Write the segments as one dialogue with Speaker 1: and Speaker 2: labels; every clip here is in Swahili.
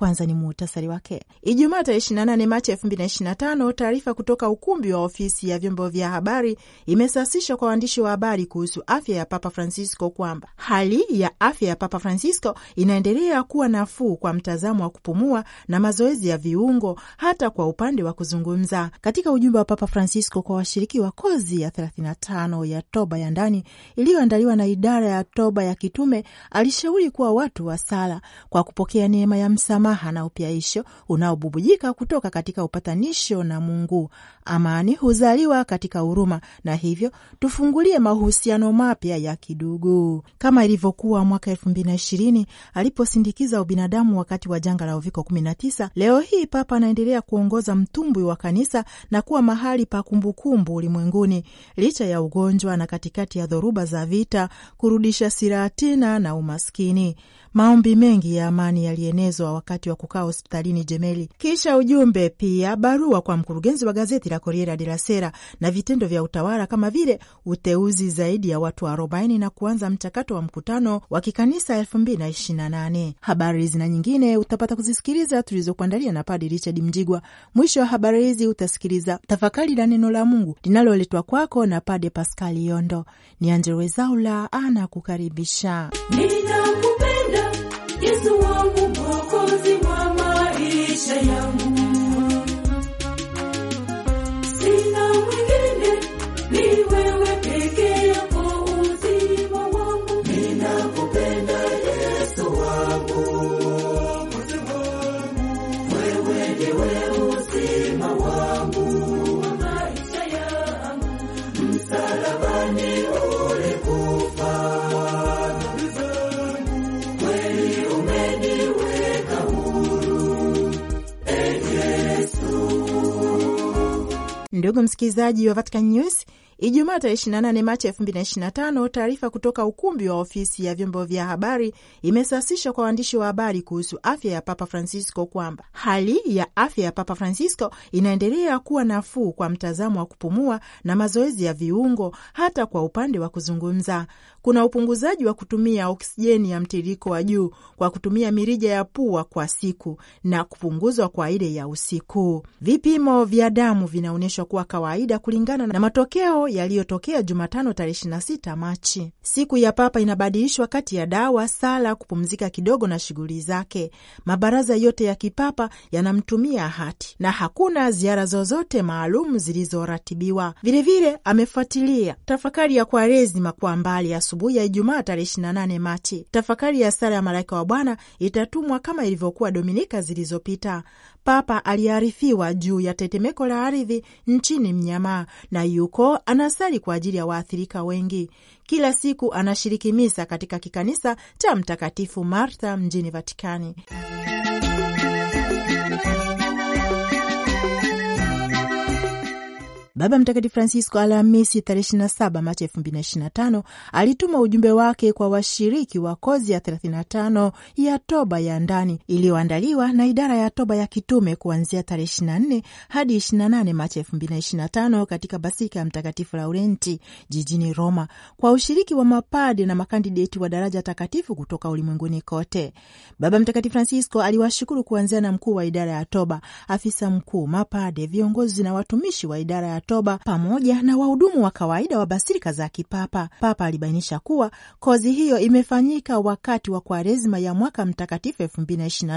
Speaker 1: kwanza ni muhtasari wake. Ijumaa tarehe 28 Machi 2025, taarifa kutoka ukumbi wa ofisi ya vyombo vya habari imesasishwa kwa waandishi wa habari kuhusu afya ya Papa Francisco kwamba hali ya afya ya Papa Francisco inaendelea kuwa nafuu kwa mtazamo wa kupumua na mazoezi ya viungo, hata kwa upande wa kuzungumza. Katika ujumbe wa Papa Francisco kwa washiriki wa kozi ya 35 ya toba ya ndani iliyoandaliwa na idara ya toba ya kitume, alishauri kuwa watu wa sala kwa kupokea neema ya msamaha msamaha na upyaisho unaobubujika kutoka katika upatanisho na Mungu. Amani huzaliwa katika huruma, na hivyo tufungulie mahusiano mapya ya kidugu kama ilivyokuwa mwaka elfu mbili na ishirini aliposindikiza ubinadamu wakati wa janga la uviko 19. Leo hii Papa anaendelea kuongoza mtumbwi wa kanisa na kuwa mahali pa kumbukumbu ulimwenguni, licha ya ugonjwa na katikati ya dhoruba za vita, kurudisha silaha tena na umaskini maombi mengi ya amani yalienezwa wakati wa kukaa hospitalini Jemeli, kisha ujumbe pia barua kwa mkurugenzi wa gazeti la Corriere della Sera na vitendo vya utawala kama vile uteuzi zaidi ya watu arobaini na kuanza mchakato wa mkutano wa kikanisa elfu mbili na na nane. Habari hizi na nyingine utapata kuzisikiliza tulizokuandalia na Padi Richard Mjigwa. Mwisho wa habari hizi utasikiliza tafakari la neno la Mungu linaloletwa kwako na Pade Paskali Yondo. Ni Anjelo Wezaula anakukaribisha.
Speaker 2: Yesu wangu mwokozi wa maisha yangu
Speaker 1: Ndugu msikilizaji wa Vatican News, Ijumaa tarehe 28 Machi 2025, taarifa kutoka ukumbi wa ofisi ya vyombo vya habari imesasisha kwa waandishi wa habari kuhusu afya ya Papa Francisco kwamba hali ya afya ya Papa Francisco inaendelea kuwa nafuu kwa mtazamo wa kupumua na mazoezi ya viungo, hata kwa upande wa kuzungumza kuna upunguzaji wa kutumia oksijeni ya mtiririko wa juu kwa kutumia mirija ya pua kwa siku na kupunguzwa kwa ile ya usiku. Vipimo vya damu vinaonyeshwa kuwa kawaida kulingana na matokeo yaliyotokea Jumatano tarehe 26 Machi. Siku ya Papa inabadilishwa kati ya dawa, sala, kupumzika kidogo na shughuli zake. Mabaraza yote ya kipapa yanamtumia hati na hakuna ziara zozote maalum zilizoratibiwa. Vilevile amefuatilia tafakari ya Kwaresima kwa mbali ya asubuhi ya Ijumaa tarehe 28 Machi. Tafakari ya sala ya malaika wa Bwana itatumwa kama ilivyokuwa dominika zilizopita. Papa aliarifiwa juu ya tetemeko la ardhi nchini Mnyamaa na yuko anasali kwa ajili ya waathirika wengi. Kila siku anashiriki misa katika kikanisa cha Mtakatifu Martha mjini Vatikani. Baba Mtakatifu Francisco Alhamisi tarehe 27 Machi 2025 alituma ujumbe wake kwa washiriki wa kozi ya 35 ya toba ya ndani iliyoandaliwa na idara ya toba ya kitume kuanzia tarehe 24 hadi 28 Machi 2025 katika Basika ya Mtakatifu Laurenti jijini Roma kwa ushiriki wa mapade na makandideti wa daraja takatifu kutoka ulimwenguni kote. Baba Mtakatifu Francisco aliwashukuru kuanzia na mkuu wa idara ya toba, afisa mkuu, mapade, viongozi na watumishi wa idara ya Oktoba pamoja na wahudumu wa kawaida wa basilika za kipapa. Papa alibainisha kuwa kozi hiyo imefanyika wakati wa Kwaresima ya mwaka mtakatifu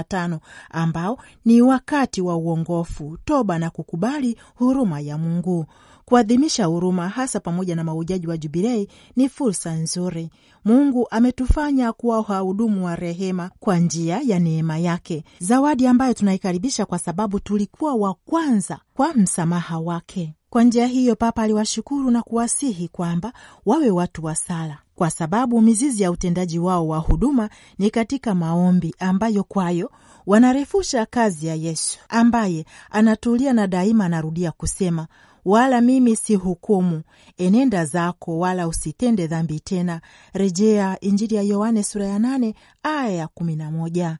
Speaker 1: tano ambao ni wakati wa uongofu, toba na kukubali huruma ya Mungu. Kuadhimisha huruma hasa pamoja na maujaji wa Jubilei ni fursa nzuri. Mungu ametufanya kuwa wahudumu wa rehema kwa njia ya neema yake, zawadi ambayo tunaikaribisha kwa sababu tulikuwa wa kwanza kwa msamaha wake. Kwa njia hiyo, Papa aliwashukuru na kuwasihi kwamba wawe watu wa sala, kwa sababu mizizi ya utendaji wao wa huduma ni katika maombi, ambayo kwayo wanarefusha kazi ya Yesu ambaye anatulia na daima anarudia kusema wala mimi si hukumu, enenda zako, wala usitende dhambi tena. Rejea Injili ya Yohane sura ya 8 aya ya 11.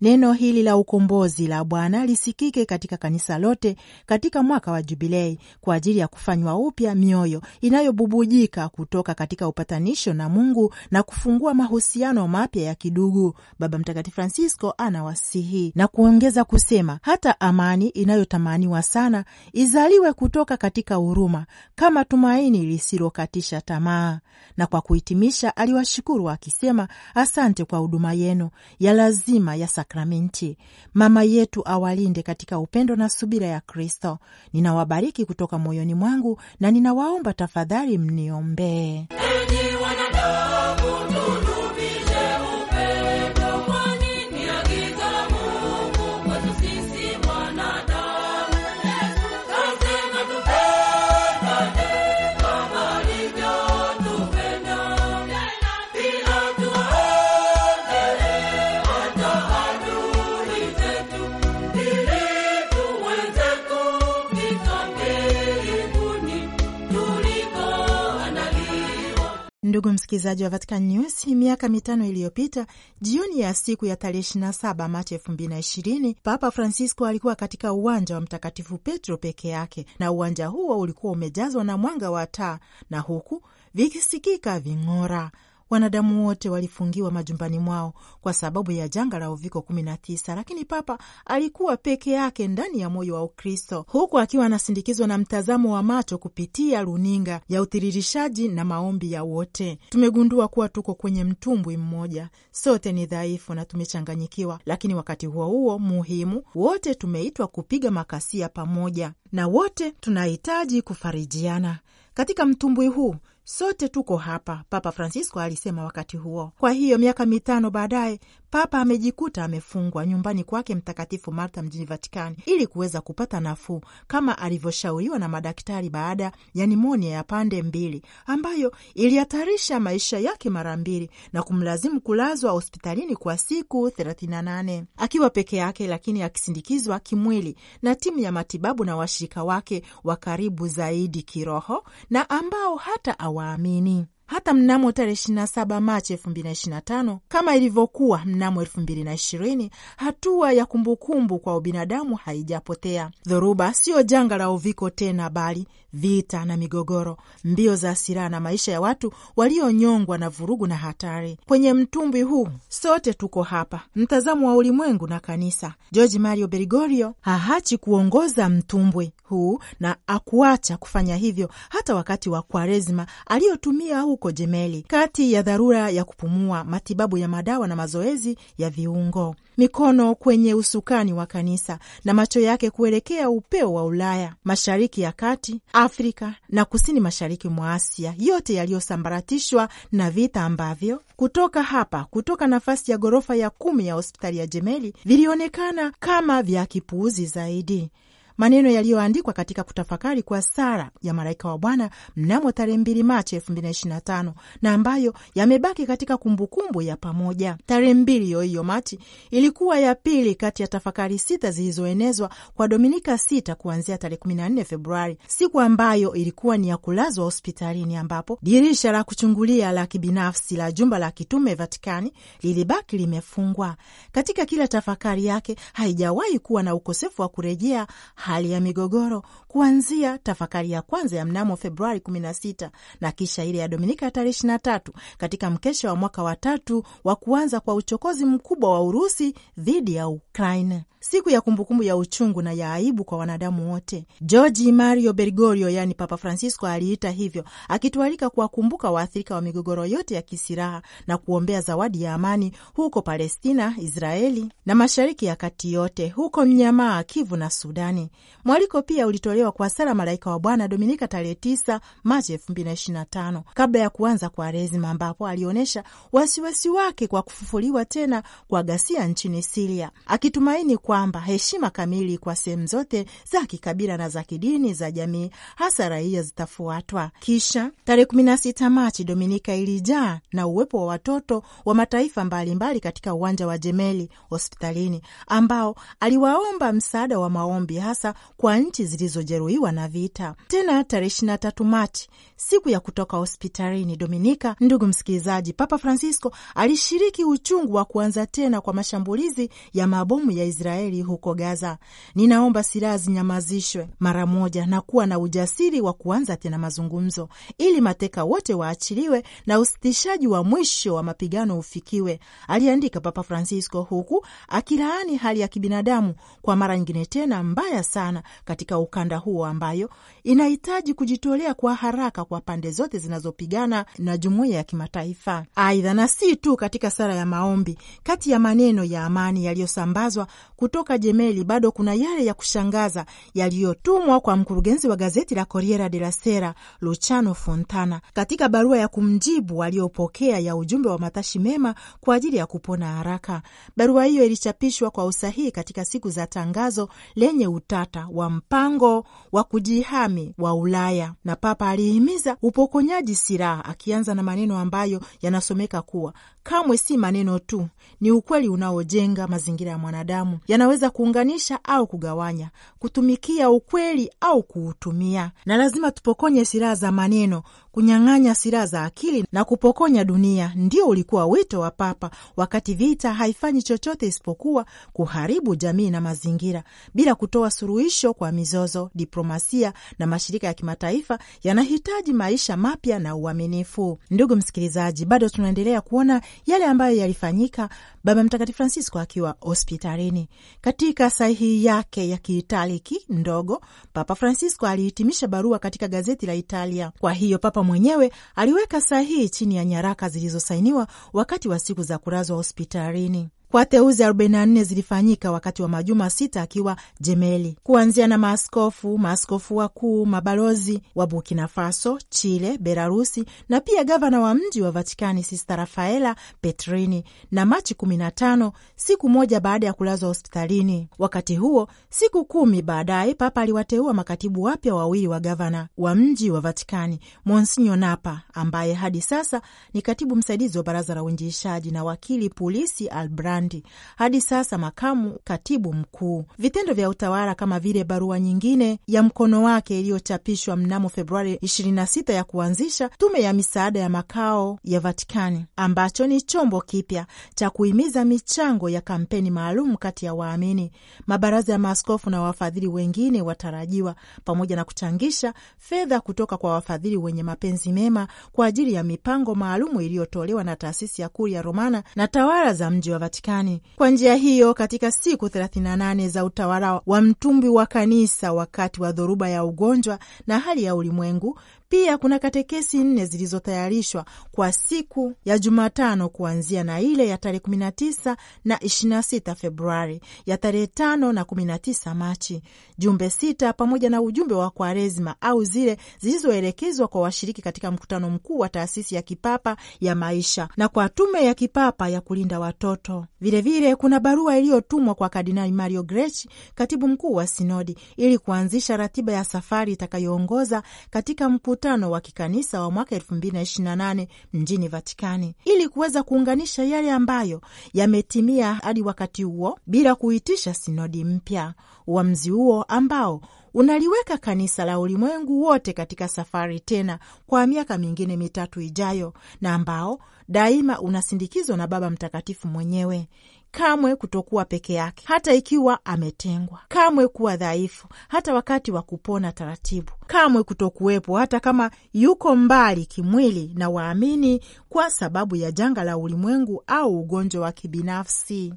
Speaker 1: Neno hili la ukombozi la Bwana lisikike katika kanisa lote katika mwaka wa Jubilei kwa ajili ya kufanywa upya mioyo inayobubujika kutoka katika upatanisho na Mungu na kufungua mahusiano mapya ya kidugu. Baba Mtakatifu Francisco anawasihi na kuongeza kusema, hata amani inayotamaniwa sana izaliwe kutoka katika huruma kama tumaini lisilokatisha tamaa. Na kwa kuhitimisha, aliwashukuru akisema, asante kwa huduma yenu ya lazima ya sakramenti. Mama yetu awalinde katika upendo na subira ya Kristo. Ninawabariki kutoka moyoni mwangu na ninawaomba tafadhali mniombee. Ndugu msikilizaji wa Vatican News, miaka mitano iliyopita, jioni ya siku ya tarehe 27 Machi 2020 Papa Francisco alikuwa katika uwanja wa Mtakatifu Petro peke yake, na uwanja huo ulikuwa umejazwa na mwanga wa taa na huku vikisikika ving'ora Wanadamu wote walifungiwa majumbani mwao kwa sababu ya janga la uviko 19, lakini Papa alikuwa peke yake ndani ya moyo wa Ukristo, huku akiwa anasindikizwa na mtazamo wa macho kupitia runinga ya utiririshaji na maombi ya wote. Tumegundua kuwa tuko kwenye mtumbwi mmoja, sote ni dhaifu na tumechanganyikiwa, lakini wakati huo huo muhimu, wote tumeitwa kupiga makasia pamoja, na wote tunahitaji kufarijiana katika mtumbwi huu sote tuko hapa, Papa Francisco alisema wakati huo. Kwa hiyo miaka mitano baadaye, Papa amejikuta amefungwa nyumbani kwake Mtakatifu Marta mjini Vatikani ili kuweza kupata nafuu kama alivyoshauriwa na madaktari baada ya nimonia ya pande mbili ambayo ilihatarisha maisha yake mara mbili na kumlazimu kulazwa hospitalini kwa siku 38 akiwa peke yake, lakini akisindikizwa kimwili na timu ya matibabu na washirika wake wa karibu zaidi kiroho na ambao hata awaamini hata mnamo tarehe 27 Machi 2025 kama ilivyokuwa mnamo 2020, hatua ya kumbukumbu kwa ubinadamu haijapotea. Dhoruba siyo janga la uviko tena, bali vita na migogoro, mbio za silaha na maisha ya watu walionyongwa na vurugu na hatari. Kwenye mtumbwi huu sote tuko hapa, mtazamo wa ulimwengu na kanisa. George Mario Bergoglio hahachi kuongoza mtumbwi huu na akuacha kufanya hivyo hata wakati wa Kwaresma aliyotumia huko Jemeli, kati ya dharura ya kupumua, matibabu ya madawa na mazoezi ya viungo, mikono kwenye usukani wa kanisa na macho yake kuelekea upeo wa Ulaya, Mashariki ya Kati Afrika na kusini mashariki mwa Asia, yote yaliyosambaratishwa na vita ambavyo kutoka hapa, kutoka nafasi ya ghorofa ya kumi ya hospitali ya Jemeli vilionekana kama vya kipuuzi zaidi maneno yaliyoandikwa katika kutafakari kwa sara ya malaika wa Bwana mnamo tarehe 2 Machi mbili na ambayo yamebaki katika kumbukumbu kumbu ya pamoja. Tarehe mbili hiyo hiyo Machi ilikuwa ya pili kati ya tafakari sita zilizoenezwa kwa Dominika sita kuanzia tarehe 14 Februari, siku ambayo ilikuwa ni ya kulazwa hospitalini, ambapo dirisha la kuchungulia la kibinafsi la jumba la kitume Vatikani lilibaki limefungwa. Katika kila tafakari yake haijawahi kuwa na ukosefu wa kurejea hali ya migogoro kuanzia tafakari ya kwanza ya mnamo Februari 16 na kisha ile ya Dominika ya tarehe 23 katika mkesha wa mwaka wa tatu wa kuanza kwa uchokozi mkubwa wa Urusi dhidi ya Ukraine, siku ya kumbukumbu ya uchungu na ya aibu kwa wanadamu wote. Georgi Mario Bergoglio, yani Papa Francisco, aliita hivyo, akitualika kuwakumbuka waathirika wa migogoro yote ya kisilaha na kuombea zawadi ya amani huko Palestina, Israeli na Mashariki ya Kati yote, huko Mnyamaa, Kivu na Sudani. Mwaliko pia ulitolewa kuondolewa kwa sala Malaika wa Bwana Dominika tarehe 9 Machi 2025 kabla ya kuanza kwa Rezima, ambapo alionyesha wasiwasi wake kwa kufufuliwa tena kwa ghasia nchini Siria, akitumaini kwamba heshima kamili kwa sehemu zote za kikabila na za kidini za jamii, hasa raia, zitafuatwa. Kisha tarehe 16 Machi Dominika ilijaa na uwepo wa watoto wa mataifa mbalimbali mbali katika uwanja wa Jemeli hospitalini, ambao aliwaomba msaada wa maombi hasa kwa nchi zilizo waliojeruhiwa na vita. Tena tarehe 23 Machi, siku ya kutoka hospitalini Dominika, ndugu msikilizaji, Papa Francisco alishiriki uchungu wa kuanza tena kwa mashambulizi ya mabomu ya Israeli huko Gaza. Ninaomba silaha zinyamazishwe mara moja na kuwa na ujasiri wa kuanza tena mazungumzo ili mateka wote waachiliwe na usitishaji wa mwisho wa mapigano ufikiwe, aliandika Papa Francisco, huku akilaani hali ya kibinadamu kwa mara nyingine tena mbaya sana katika ukanda muda huo ambayo inahitaji kujitolea kwa haraka kwa pande zote zinazopigana na jumuiya ya kimataifa. Aidha, na si tu katika sala ya maombi, kati ya maneno ya amani yaliyosambazwa kutoka Jemeli bado kuna yale ya kushangaza yaliyotumwa kwa mkurugenzi wa gazeti la Corriere della Sera Luciano Fontana katika barua ya kumjibu aliyopokea ya ujumbe wa matashi mema kwa ajili ya kupona haraka. Barua hiyo ilichapishwa kwa usahihi katika siku za tangazo lenye utata wa mpango wa kujihami kumi wa Ulaya, na Papa alihimiza upokonyaji silaha, akianza na maneno ambayo yanasomeka kuwa kamwe si maneno tu, ni ukweli unaojenga mazingira ya mwanadamu, yanaweza kuunganisha au kugawanya, kutumikia ukweli au kuutumia, na lazima tupokonye silaha za maneno kunyang'anya silaha za akili na kupokonya dunia, ndio ulikuwa wito wa Papa, wakati vita haifanyi chochote isipokuwa kuharibu jamii na mazingira, bila kutoa suluhisho kwa mizozo. Diplomasia na mashirika ya kimataifa yanahitaji maisha mapya na uaminifu. Ndugu msikilizaji, bado tunaendelea kuona yale ambayo yalifanyika Baba Mtakatifu Francisco akiwa hospitalini. Katika sahihi yake ya Kiitaliki ndogo, Papa Francisco alihitimisha barua katika gazeti la Italia. Kwa hiyo Papa mwenyewe aliweka sahihi chini ya nyaraka zilizosainiwa wakati wa siku za kulazwa hospitalini kwa teuzi 44 zilifanyika wakati wa majuma sita akiwa Jemeli, kuanzia na maaskofu, maaskofu wakuu, mabalozi wa Burkina Faso, Chile, Belarusi na pia gavana wa mji wa Vatikani Sista Rafaela Petrini, na Machi 15 siku moja baada ya kulazwa hospitalini. Wakati huo, siku kumi baadaye, Papa aliwateua makatibu wapya wawili wa gavana wa mji wa Vatikani, Monsinyo Napa ambaye hadi sasa ni katibu msaidizi wa baraza la uinjiishaji na wakili polisi Albrani Poland, hadi sasa makamu katibu mkuu. Vitendo vya utawala kama vile barua nyingine ya mkono wake iliyochapishwa mnamo Februari 26 ya kuanzisha tume ya misaada ya makao ya Vatikani, ambacho ni chombo kipya cha kuhimiza michango ya kampeni maalum kati ya waamini, mabaraza ya maaskofu na wafadhili wengine watarajiwa, pamoja na kuchangisha fedha kutoka kwa wafadhili wenye mapenzi mema kwa ajili ya mipango maalumu iliyotolewa na taasisi ya Kuria Romana na tawala za mji wa Vatikani Vatikani. Kwa njia hiyo, katika siku 38 za utawala wa mtumbi wa kanisa wakati wa dhoruba ya ugonjwa na hali ya ulimwengu, pia kuna katekesi nne zilizotayarishwa kwa siku ya Jumatano kuanzia na ile ya tarehe 19 na 26 Februari, ya tarehe 5 na 19 Machi, jumbe sita pamoja na ujumbe wa Kwaresma au zile zilizoelekezwa kwa washiriki katika mkutano mkuu wa taasisi ya kipapa ya maisha na kwa tume ya kipapa ya kulinda watoto. Vilevile vile, kuna barua iliyotumwa kwa Kardinali Mario Grech, katibu mkuu wa sinodi, ili kuanzisha ratiba ya safari itakayoongoza katika mkutano mkutano wa kikanisa wa mwaka 2028 mjini Vatikani ili kuweza kuunganisha yale ambayo yametimia hadi wakati huo bila kuitisha sinodi mpya. Uamuzi huo ambao unaliweka kanisa la ulimwengu wote katika safari tena kwa miaka mingine mitatu ijayo na ambao daima unasindikizwa na Baba Mtakatifu mwenyewe kamwe kutokuwa peke yake, hata ikiwa ametengwa, kamwe kuwa dhaifu, hata wakati wa kupona taratibu, kamwe kutokuwepo, hata kama yuko mbali kimwili na waamini kwa sababu ya janga la ulimwengu au ugonjwa wa kibinafsi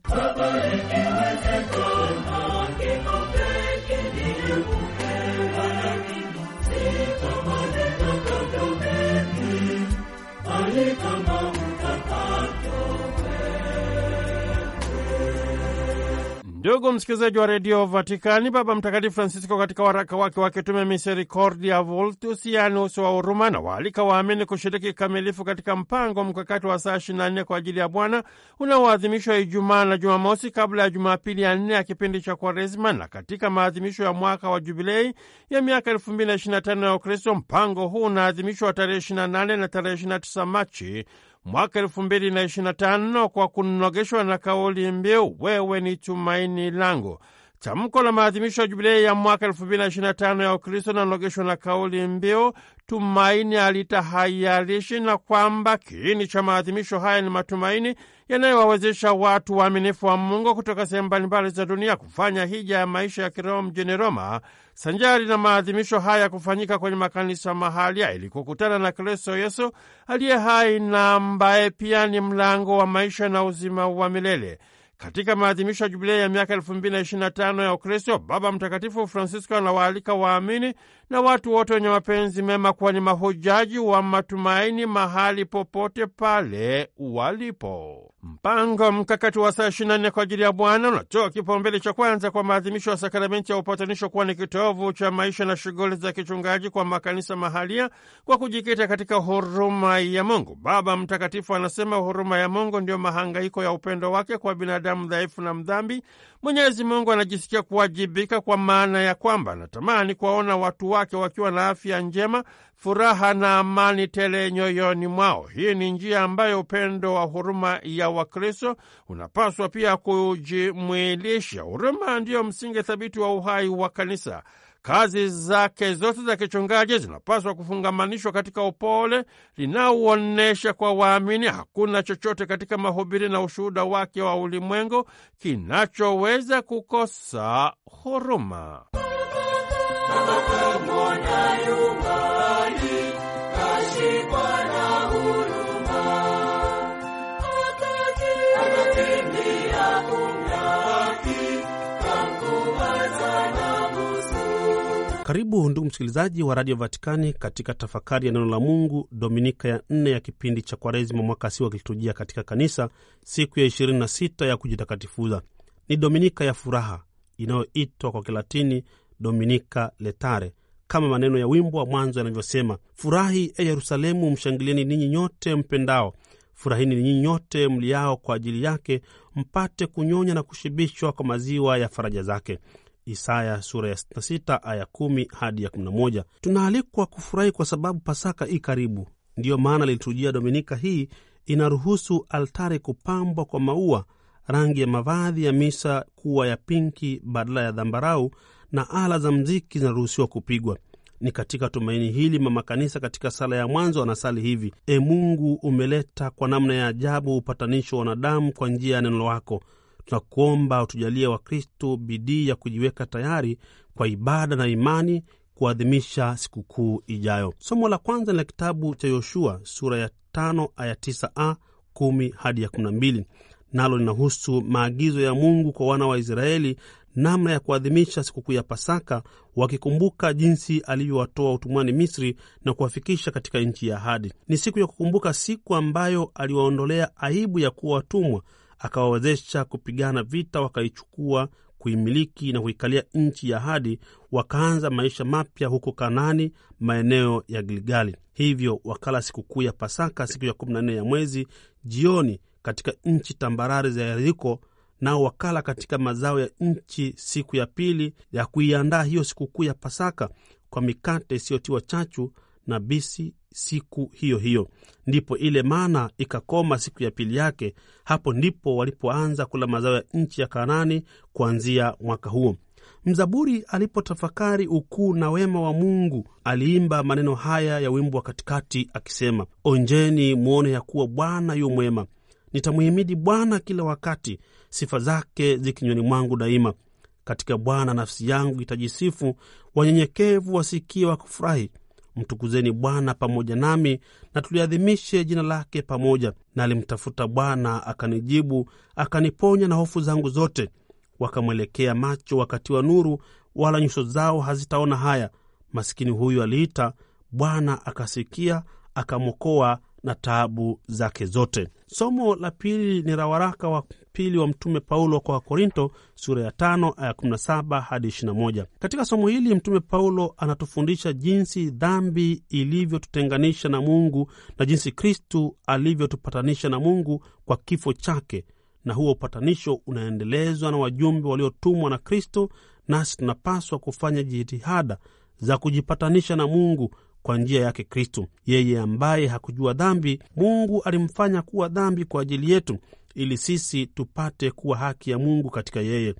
Speaker 2: Ndugu msikilizaji wa redio Vatikani, Baba Mtakatifu Francisco katika waraka wake wa kitume Misericordia Vultus, yaani uso wa huruma, na waalika waamini kushiriki kikamilifu katika mpango mkakati wa saa 24 kwa ajili ya Bwana unaoadhimishwa Ijumaa na Jumamosi kabla ya Jumapili ya nne ya kipindi cha Kwaresma na katika maadhimisho ya mwaka wa Jubilei ya miaka tano ya Ukristo. Mpango huu unaadhimishwa tarehe 28 na tarehe 29 Machi mwaka elfu mbili na ishirini na tano kwa kunogeshwa na kauli mbiu wewe ni tumaini langu. Tamko la maadhimisho ya jubilei ya mwaka 2025 ya Ukristo nanogeshwa na kauli mbiu tumaini alitahayarishi, na kwamba kiini cha maadhimisho haya ni matumaini yanayowawezesha watu waaminifu wa Mungu kutoka sehemu mbalimbali za dunia kufanya hija ya maisha ya kiroho mjini Roma, sanjari na maadhimisho haya kufanyika kwenye makanisa mahalia ili kukutana na Kristo Yesu aliye hai na ambaye pia ni mlango wa maisha na uzima wa milele. Katika maadhimisho ya jubilei ya miaka 2025 ya Ukristo, Baba Mtakatifu Francisco anawaalika waamini na watu wote wenye mapenzi mema kuwa ni mahujaji wa matumaini mahali popote pale walipo. Mpango mkakati wa saa 24 kwa ajili ya Bwana unatoa kipaumbele cha kwanza kwa maadhimisho ya sakramenti ya upatanisho kuwa ni kitovu cha maisha na shughuli za kichungaji kwa makanisa mahalia kwa kujikita katika huruma ya Mungu. Baba Mtakatifu anasema huruma ya Mungu ndiyo mahangaiko ya upendo wake kwa binadamu dhaifu na mdhambi. Mwenyezi Mungu anajisikia kuwajibika kwa maana ya kwamba anatamani kuwaona watu wake wakiwa na afya njema furaha na amani tele nyoyoni mwao. Hii ni njia ambayo upendo wa huruma ya Wakristo unapaswa pia kujimwilisha. Huruma ndiyo msingi thabiti wa uhai wa kanisa. Kazi zake zote za kichungaji zinapaswa kufungamanishwa katika upole linaoonyesha kwa waamini. Hakuna chochote katika mahubiri na ushuhuda wake wa ulimwengu kinachoweza kukosa huruma.
Speaker 3: Karibu ndugu msikilizaji wa Radio Vatikani katika tafakari ya neno la Mungu, dominika ya nne ya kipindi cha Kwaresima mwaka si wa kiliturujia katika kanisa, siku ya 26 ya kujitakatifuza. Ni dominika ya furaha inayoitwa kwa Kilatini Dominika Letare, kama maneno ya wimbo wa mwanzo yanavyosema: furahi e Yerusalemu, mshangilieni ninyi nyote mpendao, furahini ninyi nyote mliao kwa ajili yake, mpate kunyonya na kushibishwa kwa maziwa ya faraja zake Isaya sura ya 66 aya 10 hadi ya 11. Tunaalikwa kufurahi kwa sababu Pasaka i karibu. Ndiyo maana liturujia Dominika hii inaruhusu altari kupambwa kwa maua, rangi ya mavazi ya misa kuwa ya pinki badala ya dhambarau, na ala za mziki zinaruhusiwa kupigwa. Ni katika tumaini hili mama kanisa katika sala ya mwanzo anasali hivi: E Mungu, umeleta kwa namna ya ajabu upatanisho wa wanadamu kwa njia ya neno lako Tunakuomba utujalie Wakristo bidii ya kujiweka tayari kwa ibada na imani kuadhimisha sikukuu ijayo. Somo la kwanza ni la kitabu cha Yoshua sura ya tano aya tisa a kumi hadi ya kumi na mbili nalo linahusu maagizo ya Mungu kwa wana wa Israeli namna ya kuadhimisha sikukuu ya Pasaka, wakikumbuka jinsi alivyowatoa utumwani Misri na kuwafikisha katika nchi ya ahadi. Ni siku ya kukumbuka siku ambayo aliwaondolea aibu ya kuwa watumwa akawawezesha kupigana vita, wakaichukua kuimiliki na kuikalia nchi ya ahadi, wakaanza maisha mapya huko kanani maeneo ya giligali Hivyo wakala sikukuu ya Pasaka siku ya 14 ya mwezi jioni, katika nchi tambarare za Yeriko, nao wakala katika mazao ya nchi siku ya pili ya kuiandaa hiyo sikukuu ya Pasaka kwa mikate isiyotiwa chachu na bisi siku hiyo hiyo. Ndipo ile mana ikakoma siku ya pili yake. Hapo ndipo walipoanza kula mazao ya nchi ya Kanaani kuanzia mwaka huo. Mzaburi alipotafakari ukuu na wema wa Mungu aliimba maneno haya ya wimbo wa katikati akisema, onjeni mwone ya kuwa Bwana yu mwema, nitamuhimidi Bwana kila wakati, sifa zake zikinywani mwangu daima. Katika Bwana nafsi yangu itajisifu, wanyenyekevu wasikie wakufurahi. Mtukuzeni Bwana pamoja nami, na tuliadhimishe jina lake pamoja. Na alimtafuta Bwana akanijibu, akaniponya na hofu zangu zote. Wakamwelekea macho wakatiwa nuru, wala nyuso zao hazitaona haya. Masikini huyu aliita, Bwana akasikia, akamwokoa na taabu zake zote. Somo la pili ni la waraka wa pili wa Mtume Paulo kwa Wakorinto sura ya 5 aya 17 hadi 21. Katika somo hili Mtume Paulo anatufundisha jinsi dhambi ilivyotutenganisha na Mungu na jinsi Kristu alivyotupatanisha na Mungu kwa kifo chake, na huo upatanisho unaendelezwa na wajumbe waliotumwa na Kristo, nasi tunapaswa kufanya jitihada za kujipatanisha na Mungu kwa njia yake kristu Yeye ambaye hakujua dhambi, Mungu alimfanya kuwa dhambi kwa ajili yetu, ili sisi tupate kuwa haki ya Mungu katika yeye.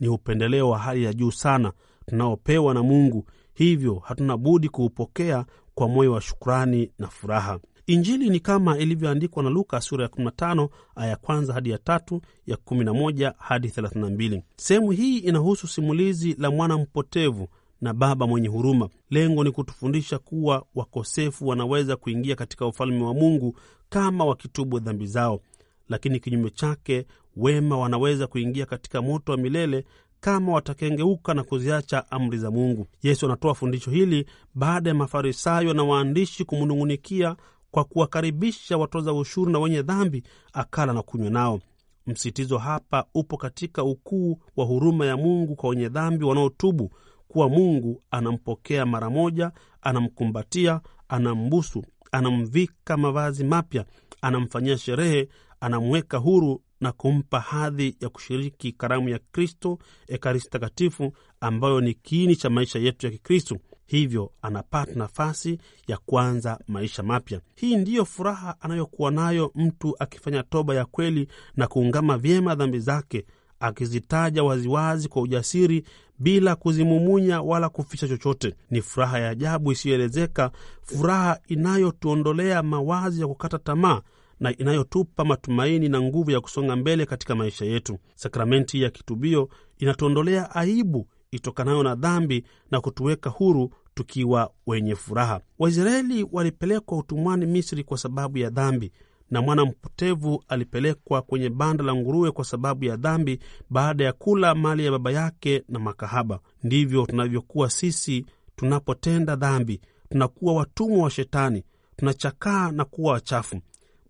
Speaker 3: Ni upendeleo wa hali ya juu sana tunaopewa na Mungu, hivyo hatuna budi kuupokea kwa moyo wa shukrani na furaha. Injili ni kama ilivyoandikwa na Luka sura ya 15 aya kwanza hadi ya tatu, ya 11 hadi 32. Sehemu hii inahusu simulizi la mwana mpotevu na baba mwenye huruma. Lengo ni kutufundisha kuwa wakosefu wanaweza kuingia katika ufalme wa Mungu kama wakitubu dhambi zao lakini kinyume chake wema wanaweza kuingia katika moto wa milele kama watakengeuka na kuziacha amri za Mungu. Yesu anatoa fundisho hili baada ya Mafarisayo na waandishi kumnung'unikia kwa kuwakaribisha watoza ushuru na wenye dhambi akala na kunywa nao. Msitizo hapa upo katika ukuu wa huruma ya Mungu kwa wenye dhambi wanaotubu, kuwa Mungu anampokea mara moja, anamkumbatia, anambusu, anamvika mavazi mapya, anamfanyia sherehe anamweka huru na kumpa hadhi ya kushiriki karamu ya Kristo, Ekaristi Takatifu, ambayo ni kiini cha maisha yetu ya Kikristo. Hivyo anapata nafasi ya kuanza maisha mapya. Hii ndiyo furaha anayokuwa nayo mtu akifanya toba ya kweli na kuungama vyema dhambi zake, akizitaja waziwazi kwa ujasiri bila kuzimumunya wala kuficha chochote. Ni furaha ya ajabu isiyoelezeka, furaha inayotuondolea mawazi ya kukata tamaa na inayotupa matumaini na nguvu ya kusonga mbele katika maisha yetu. Sakramenti ya kitubio inatuondolea aibu itokanayo na dhambi na kutuweka huru tukiwa wenye furaha. Waisraeli walipelekwa utumwani Misri kwa sababu ya dhambi, na mwana mpotevu alipelekwa kwenye banda la nguruwe kwa sababu ya dhambi, baada ya kula mali ya baba yake na makahaba. Ndivyo tunavyokuwa sisi tunapotenda dhambi, tunakuwa watumwa wa Shetani, tunachakaa na kuwa wachafu.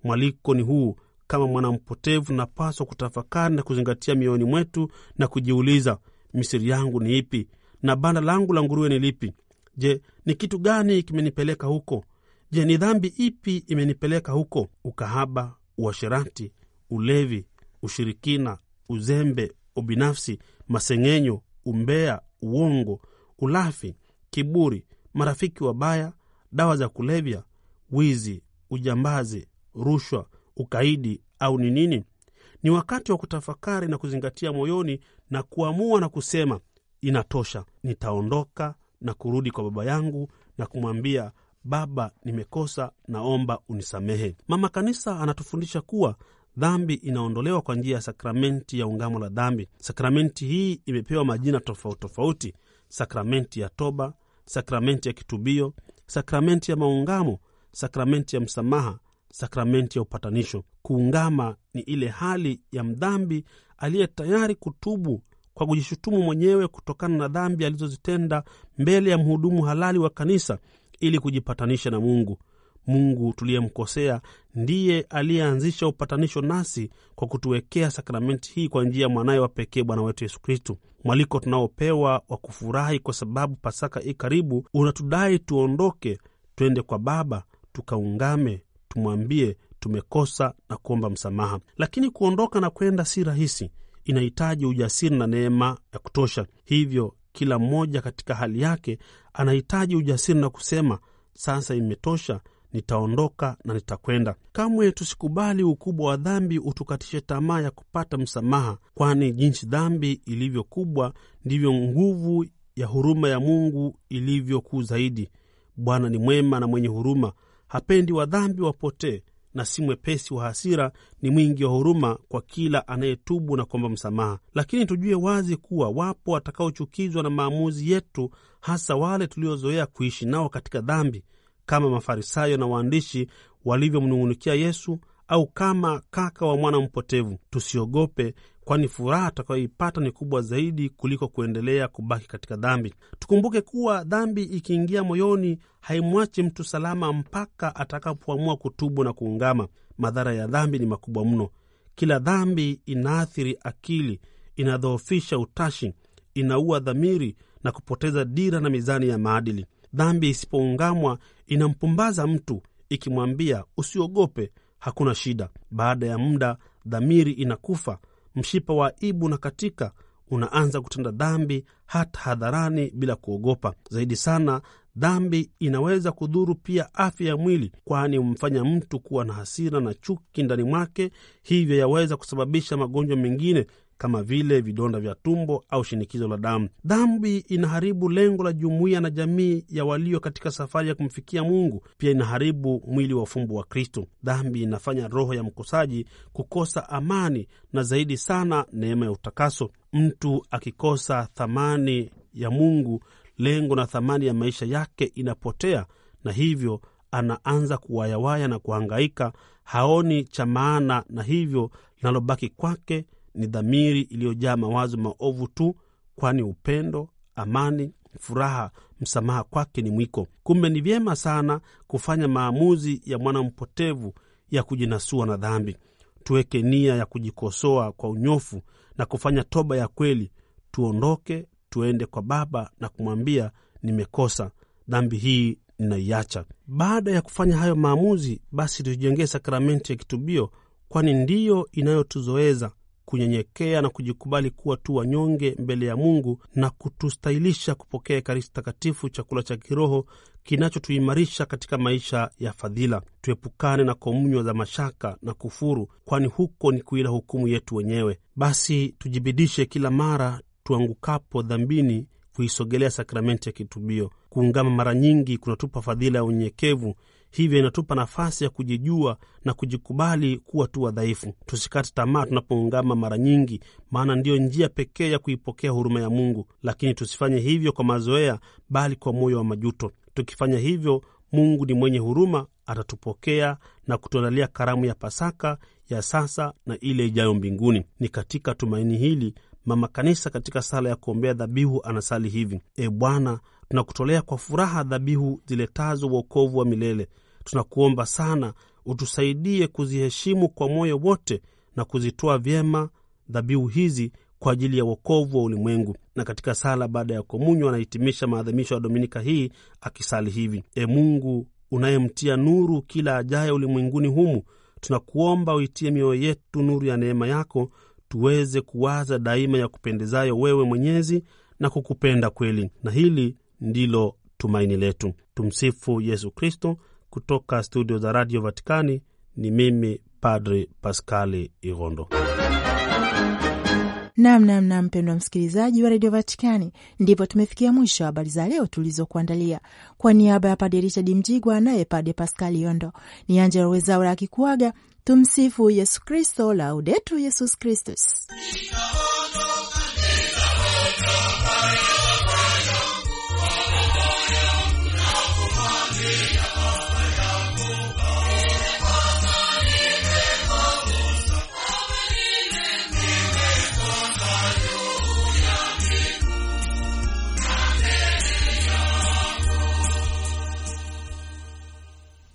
Speaker 3: Mwaliko ni huu: kama mwanampotevu, napaswa kutafakari na kuzingatia mioyoni mwetu na kujiuliza, Misiri yangu ni ipi? Na banda langu la nguruwe ni lipi? Je, ni kitu gani kimenipeleka huko? Je, ni dhambi ipi imenipeleka huko? Ukahaba, uasherati, ulevi, ushirikina, uzembe, ubinafsi, maseng'enyo, umbea, uongo, ulafi, kiburi, marafiki wabaya, dawa za kulevya, wizi, ujambazi, rushwa, ukaidi au ni nini? Ni wakati wa kutafakari na kuzingatia moyoni na kuamua na kusema inatosha, nitaondoka na kurudi kwa baba yangu na kumwambia Baba, nimekosa, naomba unisamehe. Mama Kanisa anatufundisha kuwa dhambi inaondolewa kwa njia ya sakramenti ya ungamo la dhambi. Sakramenti hii imepewa majina tofauti tofauti: sakramenti ya toba, sakramenti ya kitubio, sakramenti ya maungamo, sakramenti ya msamaha, sakramenti ya upatanisho. Kuungama ni ile hali ya mdhambi aliye tayari kutubu kwa kujishutumu mwenyewe kutokana na dhambi alizozitenda mbele ya mhudumu halali wa kanisa ili kujipatanisha na Mungu. Mungu tuliyemkosea ndiye aliyeanzisha upatanisho nasi kwa kutuwekea sakramenti hii kwa njia ya mwanaye wa pekee Bwana wetu Yesu Kristu. Mwaliko tunaopewa wa kufurahi kwa sababu Pasaka i karibu, unatudai tuondoke twende kwa Baba tukaungame tumwambie tumekosa na kuomba msamaha. Lakini kuondoka na kwenda si rahisi, inahitaji ujasiri na neema ya kutosha. Hivyo kila mmoja katika hali yake anahitaji ujasiri na kusema sasa imetosha, nitaondoka na nitakwenda. Kamwe tusikubali ukubwa wa dhambi utukatishe tamaa ya kupata msamaha, kwani jinsi dhambi ilivyo kubwa ndivyo nguvu ya huruma ya Mungu ilivyo kuu zaidi. Bwana ni mwema na mwenye huruma, hapendi wadhambi wapotee na si mwepesi wa hasira, ni mwingi wa huruma kwa kila anayetubu na kuomba msamaha. Lakini tujue wazi kuwa wapo watakaochukizwa na maamuzi yetu, hasa wale tuliozoea kuishi nao katika dhambi, kama Mafarisayo na waandishi walivyomnung'unikia Yesu, au kama kaka wa mwana mpotevu. Tusiogope, kwani furaha atakayoipata ni kubwa zaidi kuliko kuendelea kubaki katika dhambi. Tukumbuke kuwa dhambi ikiingia moyoni haimwachi mtu salama mpaka atakapoamua kutubu na kuungama. Madhara ya dhambi ni makubwa mno. Kila dhambi inaathiri akili, inadhoofisha utashi, inaua dhamiri na kupoteza dira na mizani ya maadili. Dhambi isipoungamwa inampumbaza mtu, ikimwambia usiogope, hakuna shida. Baada ya muda, dhamiri inakufa mshipa wa aibu na katika unaanza kutenda dhambi hata hadharani bila kuogopa. Zaidi sana, dhambi inaweza kudhuru pia afya ya mwili, kwani humfanya mtu kuwa na hasira na chuki ndani mwake, hivyo yaweza kusababisha magonjwa mengine kama vile vidonda vya tumbo au shinikizo la damu. Dhambi inaharibu lengo la jumuiya na jamii ya walio katika safari ya kumfikia Mungu. Pia inaharibu mwili wa ufumbo wa Kristo. Dhambi inafanya roho ya mkosaji kukosa amani na zaidi sana neema ya utakaso. Mtu akikosa thamani ya Mungu, lengo na thamani ya maisha yake inapotea, na hivyo anaanza kuwayawaya na kuhangaika, haoni cha maana, na hivyo linalobaki kwake ni dhamiri iliyojaa mawazo maovu tu, kwani upendo, amani, furaha, msamaha kwake ni mwiko. Kumbe ni vyema sana kufanya maamuzi ya mwana mpotevu ya kujinasua na dhambi. Tuweke nia ya kujikosoa kwa unyofu na kufanya toba ya kweli, tuondoke tuende kwa Baba na kumwambia nimekosa, dhambi hii ninaiacha. Baada ya kufanya hayo maamuzi, basi tujengee sakramenti ya kitubio, kwani ndiyo inayotuzoeza kunyenyekea na kujikubali kuwa tu wanyonge mbele ya Mungu na kutustahilisha kupokea Ekaristi Takatifu, chakula cha kiroho kinachotuimarisha katika maisha ya fadhila. Tuepukane na komunywa za mashaka na kufuru, kwani huko ni kuila hukumu yetu wenyewe. Basi tujibidishe kila mara tuangukapo dhambini kuisogelea sakramenti ya kitubio. Kuungama mara nyingi kunatupa fadhila ya unyenyekevu Hivyo inatupa nafasi ya kujijua na kujikubali kuwa tu wadhaifu. Tusikate tamaa tunapoungama mara nyingi, maana ndiyo njia pekee ya kuipokea huruma ya Mungu, lakini tusifanye hivyo kwa mazoea, bali kwa moyo wa majuto. Tukifanya hivyo, Mungu ni mwenye huruma, atatupokea na kutuandalia karamu ya Pasaka ya sasa na ile ijayo mbinguni. Ni katika tumaini hili Mama Kanisa katika sala ya kuombea dhabihu anasali hivi: E Bwana, tunakutolea kwa furaha dhabihu ziletazo wokovu wa milele Tunakuomba sana utusaidie kuziheshimu kwa moyo wote na kuzitoa vyema dhabihu hizi kwa ajili ya wokovu wa ulimwengu. Na katika sala baada ya komunywa anahitimisha maadhimisho ya Dominika hii akisali hivi: E Mungu unayemtia nuru kila ajaye ulimwenguni humu, tunakuomba uitie mioyo yetu nuru ya neema yako, tuweze kuwaza daima ya kupendezayo wewe Mwenyezi na kukupenda kweli, na hili ndilo tumaini letu. Tumsifu Yesu Kristo. Kutoka studio za Radio Vatikani ni mimi Padri Pascali Irondo.
Speaker 1: Namnamna mpendwa msikilizaji wa redio Vatikani, ndipo tumefikia mwisho wa habari za leo tulizokuandalia. Kwa, niaba ya Pade Richard Mjigwa naye Pade pascali Yondo ni Anjelo Wezaura akikuaga. Tumsifu Yesu Kristo, Laudetu Yesus Kristus.